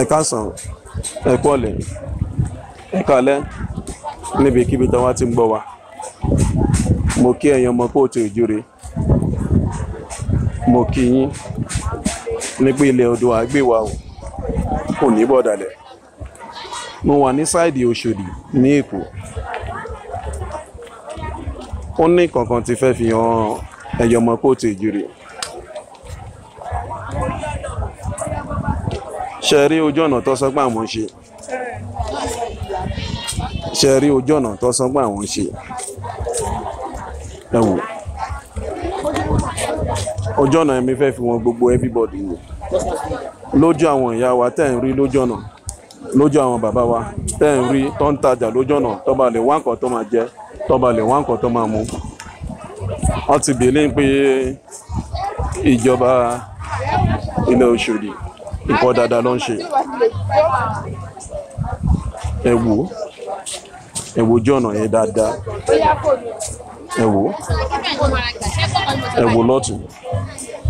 ẹ káàsán ẹ pọ̀lẹ̀ ẹ kálẹ́ níbikíbi tí wọ́n ti ń gbọ wa mo kí ẹ̀yin ọmọ kóòtù ìjúre mo kí yín nígbà ilẹ̀ odò àgbéwà o kò ní bọ̀dàlẹ̀ mo wà ní sáìdì Òṣòdì ní Èkó. ó ní kankan tí fẹ́ fi hàn ẹ̀yọ̀mọ́ kóòtù ìjírí. ṣe rí ojú ọ̀nà tó sọ pé àwọn ń ṣe ṣe rí ojú ọ̀nà tó sọ pé àwọn ń ṣe ẹ ojú ọ̀nà ẹ̀mí fẹ́ fi wọn gbogbo everybody wò lójú àwọn ìyá wa tẹ́ ń rí lójú ọ̀nà lójú àwọn bàbá wa tẹ́ ń rí tó ń tajà lójú ọ̀nà tó bá lè wá nǹkan tó máa jẹ tó bá lè wá nǹkan tó máa mu wọ́n ti bèlè pé ìjọba ilẹ̀ Ọ̀ṣọ́dì nǹkan dáadáa ló ń ṣe ẹ wò ẹ wò ojú ọ̀nà yẹn dáadáa ẹ wò ẹ wò lọ́tún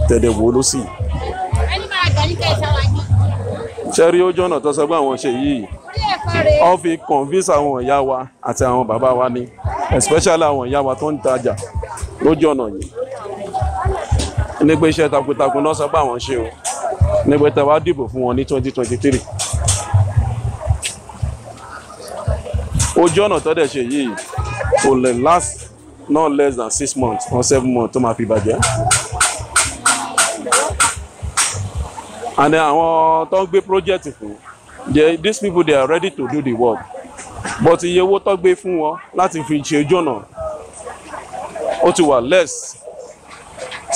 tẹ̀dẹ̀ wò ló sì ṣe rí ojú ọ̀nà tó sọ pé àwọn ṣe yìí wọ́n fi convince àwọn ìyá wa àti àwọn bàbá wa ni especially àwọn ìyá wa tó ń tajà lójú ọ̀nà yìí ní pé iṣẹ́ takuntakun náà sọ pé àwọn ṣe o ní pé tẹ wá dìbò fún wọn ní twenty twenty three ojú ọ̀nà tó dẹ̀ ṣe yìí kò lè last no less than six months or seven months tó máa fi bàjẹ́ and then àwọn tó ń gbé project fún these people they are ready to do the work but iye owó tó gbé fún wọn láti fi ṣe ojú ọ̀nà ó ti wà less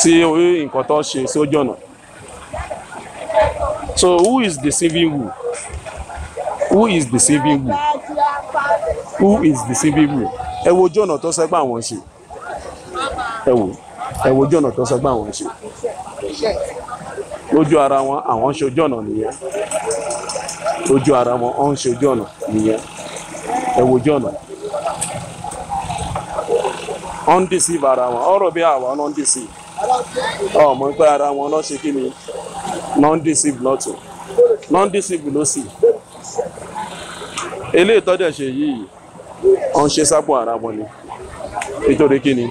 tí orí nǹkan tó ṣe sójú ọ̀nà so who is deceiving who who is deceiving who who is deceiving who ẹ wo ojú ọ̀nà tó sẹ́gbà wọn ṣe ẹ wò ẹ wo ojú ọ̀nà tó sẹ́gbà wọn ṣe lójú ara wọn àwọn ń ṣojú ọ̀nà nìyẹn lójú ara wọn ọ̀ ń ṣojú ọ̀nà nìyẹn ẹ wo ojú ọ̀nà ọ̀n deceive ara wọn ọ̀rọ̀ bí àwa ọ̀n deceive ọmọ pé ara wọn lọ́ ṣe kí ni non deceive lọ́tún non deceive ló sì eléyìí tọ́jà ṣe yìí ọ̀n ṣe sábò ara wọn ni nítorí kí ni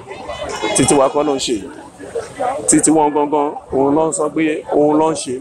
títí wa kọ́ ló ń ṣe yìí títí wọn gangan òun ló ń sọ pé òun ló ń ṣe.